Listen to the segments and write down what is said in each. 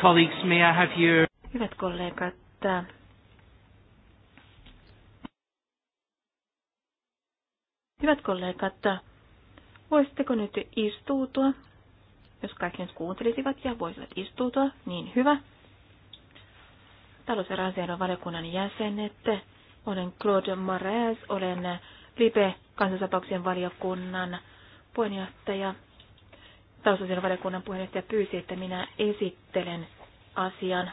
colleagues, may I have your... Hyvät kollegat, Hyvät kollegat, voisitteko nyt istuutua? Jos kaikki nyt kuuntelisivat ja voisivat istuutua, niin hyvä. Talous- ja valiokunnan jäsenet, olen Claude Marais, olen Libe kansansapauksien valiokunnan puheenjohtaja talousasianvaliokunnan puheenjohtaja pyysi, että minä esittelen asian.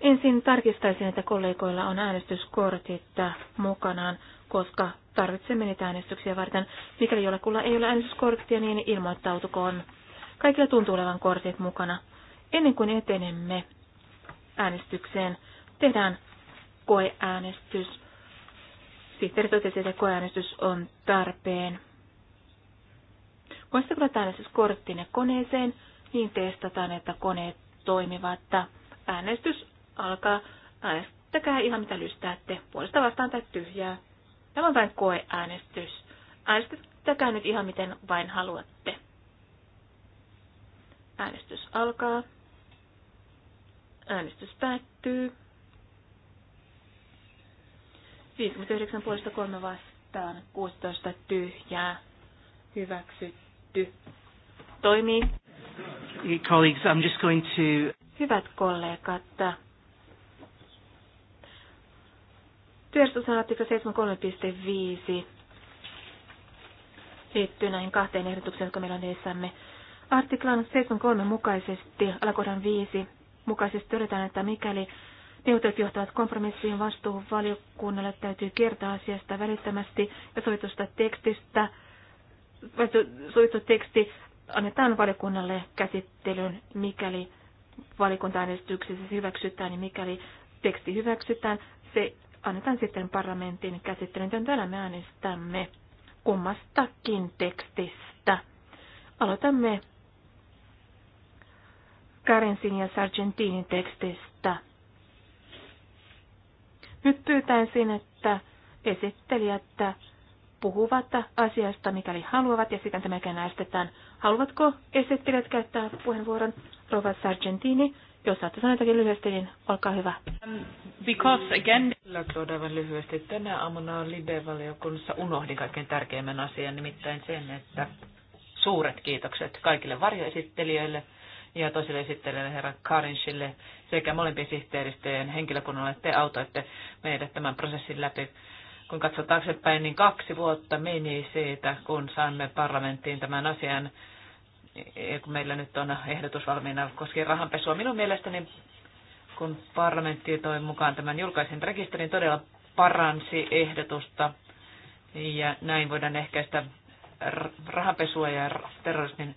Ensin tarkistaisin, että kollegoilla on äänestyskortit mukanaan, koska tarvitsemme niitä äänestyksiä varten. Mikäli jollekulla ei ole äänestyskorttia, niin ilmoittautukoon. Kaikilla tuntuu olevan kortit mukana. Ennen kuin etenemme äänestykseen, tehdään koeäänestys. Sihteeri totesi, että koeäänestys on tarpeen. Voisitteko siis äänestyskorttinne koneeseen, niin testataan, että koneet toimivat. Äänestys alkaa. Äänestäkää ihan mitä lystäätte. Puolesta vastaan tai tyhjää. Tämä on vain koeäänestys. Äänestäkää nyt ihan miten vain haluatte. Äänestys alkaa. Äänestys päättyy. 59 puolesta 3 vastaan, 16 tyhjää. Hyväksyt tehty toimii. Colleagues, I'm just going to... Hyvät kollegat, työjärjestyksen artikla 73.5 liittyy näihin kahteen ehdotukseen, jotka meillä on edessämme. Artiklan 73 mukaisesti, alakohdan 5 mukaisesti todetaan, että mikäli Neuvottelut johtavat kompromissiin vastuuvaliokunnalle täytyy kertoa asiasta välittömästi ja sovitusta tekstistä sovittu teksti annetaan valiokunnalle käsittelyn, mikäli valikuntaäänestyksessä se hyväksytään, niin mikäli teksti hyväksytään, se annetaan sitten parlamentin käsittelyyn. Tänään me äänestämme kummastakin tekstistä. Aloitamme Karensin ja Sargentinin tekstistä. Nyt pyytäisin, että esittelijät puhuvat asiasta, mikäli haluavat, ja sitten tämä äänestetään. Haluatko esittelijät käyttää puheenvuoron? Rova Sargentini, jos saatte sanoa jotakin lyhyesti, niin olkaa hyvä. Um, because again... Aivan lyhyesti. Tänä aamuna Libe-valiokunnassa unohdin kaikkein tärkeimmän asian, nimittäin sen, että suuret kiitokset kaikille varjoesittelijöille ja toisille esittelijälle herra Karinsille sekä molempien sihteeristöjen henkilökunnalle. Te autoitte meidät tämän prosessin läpi kun katsoo taaksepäin, niin kaksi vuotta meni siitä, kun saimme parlamenttiin tämän asian, kun meillä nyt on ehdotus valmiina koskien rahanpesua. Minun mielestäni, kun parlamentti toi mukaan tämän julkaisen rekisterin, todella paransi ehdotusta ja näin voidaan ehkäistä rahanpesua ja terrorismin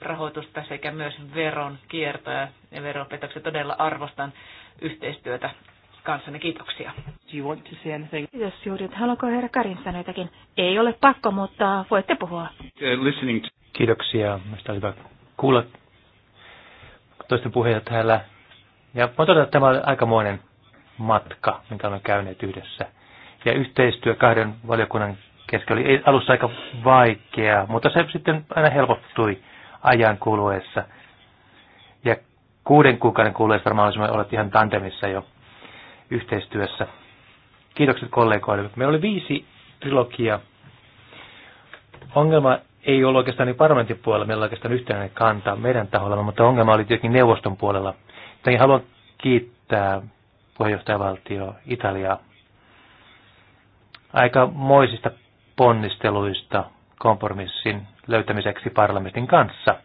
rahoitusta sekä myös veron kiertoa ja veropetoksia. Todella arvostan yhteistyötä kanssanne. Kiitoksia. Do you want to say anything? Kiitos Judith. Haluaako herra Karin sanoa jotakin? Ei ole pakko, mutta voitte puhua. Uh, listening to... Kiitoksia. Mielestäni hyvä kuulla toisten puheita täällä. Ja mä totean, että tämä on aikamoinen matka, minkä olemme käyneet yhdessä. Ja yhteistyö kahden valiokunnan kesken oli alussa aika vaikeaa, mutta se sitten aina helpottui ajan kuluessa. Ja kuuden kuukauden kuluessa varmaan olisimme olleet ihan tandemissa jo yhteistyössä. Kiitokset kollegoille. Meillä oli viisi trilogia. Ongelma ei ollut oikeastaan niin parlamentin puolella, meillä oli oikeastaan yhtenäinen kanta meidän taholla, mutta ongelma oli tietenkin neuvoston puolella. Jotenkin haluan kiittää puheenjohtajavaltio Italiaa aika moisista ponnisteluista kompromissin löytämiseksi parlamentin kanssa –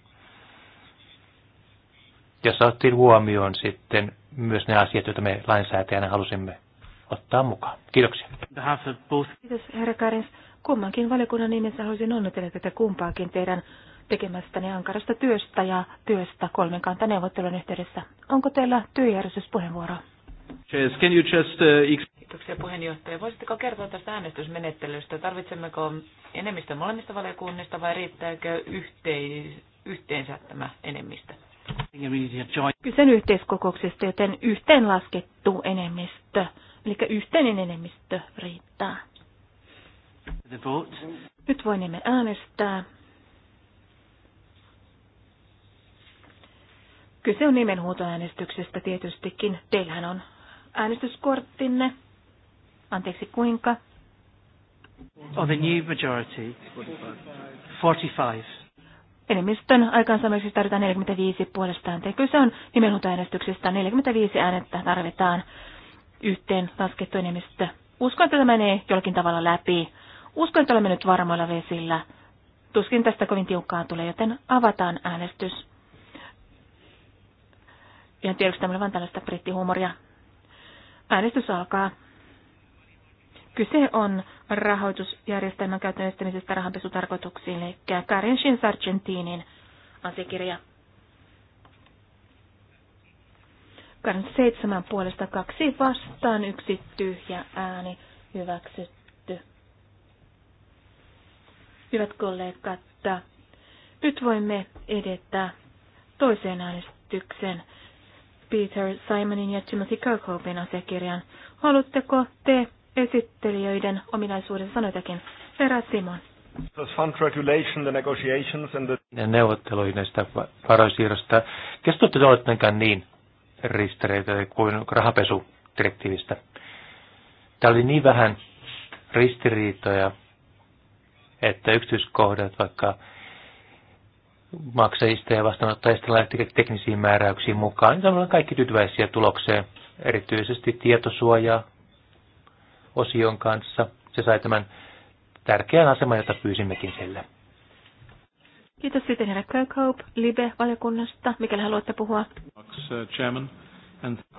jossa otettiin huomioon sitten myös ne asiat, joita me lainsäätäjänä halusimme ottaa mukaan. Kiitoksia. Kiitos, herra Karins. Kummankin valiokunnan nimessä haluaisin onnitella tätä kumpaakin teidän tekemästäni ankarasta työstä ja työstä neuvottelun yhteydessä. Onko teillä työjärjestyspuheenvuoro? Yes, can you just, uh, Kiitoksia puheenjohtaja. Voisitteko kertoa tästä äänestysmenettelystä? Tarvitsemmeko enemmistö molemmista valiokunnista vai riittääkö yhteis- yhteensä tämä enemmistö? Kyse yhteiskokouksesta, joten yhteenlaskettu enemmistö, eli yhteinen enemmistö riittää. Nyt voimme äänestää. Kyse on nimenhuutoäänestyksestä tietystikin. Teillähän on äänestyskorttinne. Anteeksi, kuinka? Oh, the new majority. 45. 45. Enemmistön aikaansaamiseksi tarvitaan 45 puolestaan. Kyse on nimenhuutoäänestyksestä. 45 äänettä tarvitaan yhteen laskettu enemmistö. Uskon, että tämä menee jollakin tavalla läpi. Uskon, että olemme nyt varmoilla vesillä. Tuskin tästä kovin tiukkaa tulee, joten avataan äänestys. Ja tiedoksi tämmöinen vain tällaista brittihuumoria. Äänestys alkaa. Kyse on rahoitusjärjestelmän estämisestä rahanpesutarkoituksiin, eli Karin Sargentinin asiakirja. Karin seitsemän puolesta kaksi vastaan, yksi tyhjä ääni hyväksytty. Hyvät kollegat, nyt voimme edetä toiseen äänestykseen. Peter Simonin ja Timothy Kirkhopin asiakirjan. Haluatteko te esittelijöiden ominaisuudessa sanoi jotakin. Herra Simon. Fund regulation, the negotiations and the... Ne neuvotteluihin näistä varoisiirrosta. Kestutte ollenkaan niin ristereitä kuin rahapesudirektiivistä. Täällä oli niin vähän ristiriitoja, että yksityiskohdat vaikka maksajista ja vastaanottajista lähti teknisiin määräyksiin mukaan, niin kaikki tyytyväisiä tulokseen. Erityisesti tietosuojaa osion kanssa. Se sai tämän tärkeän aseman, jota pyysimmekin sille. Kiitos sitten herra Kirkhope, Libe-valiokunnasta. Mikäli haluatte puhua? Uh, chairman.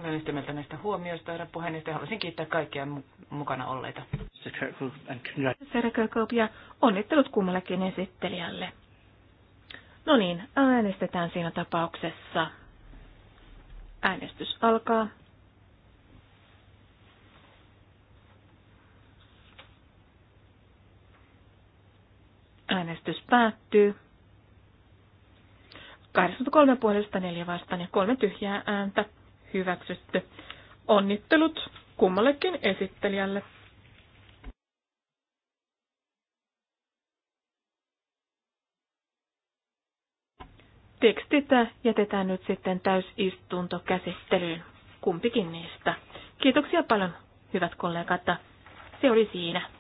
Olen yhtä mieltä näistä huomioista, herra puheenjohtaja. Haluaisin kiittää kaikkia mukana olleita. Herra Kirkhope ja onnittelut kummallekin esittelijälle. No niin, äänestetään siinä tapauksessa. Äänestys alkaa. Äänestys päättyy. 83 puolesta 4 vastaan ja kolme tyhjää ääntä hyväksytty. Onnittelut kummallekin esittelijälle. Tekstitä jätetään nyt sitten täysistuntokäsittelyyn, kumpikin niistä. Kiitoksia paljon, hyvät kollegat. Se oli siinä.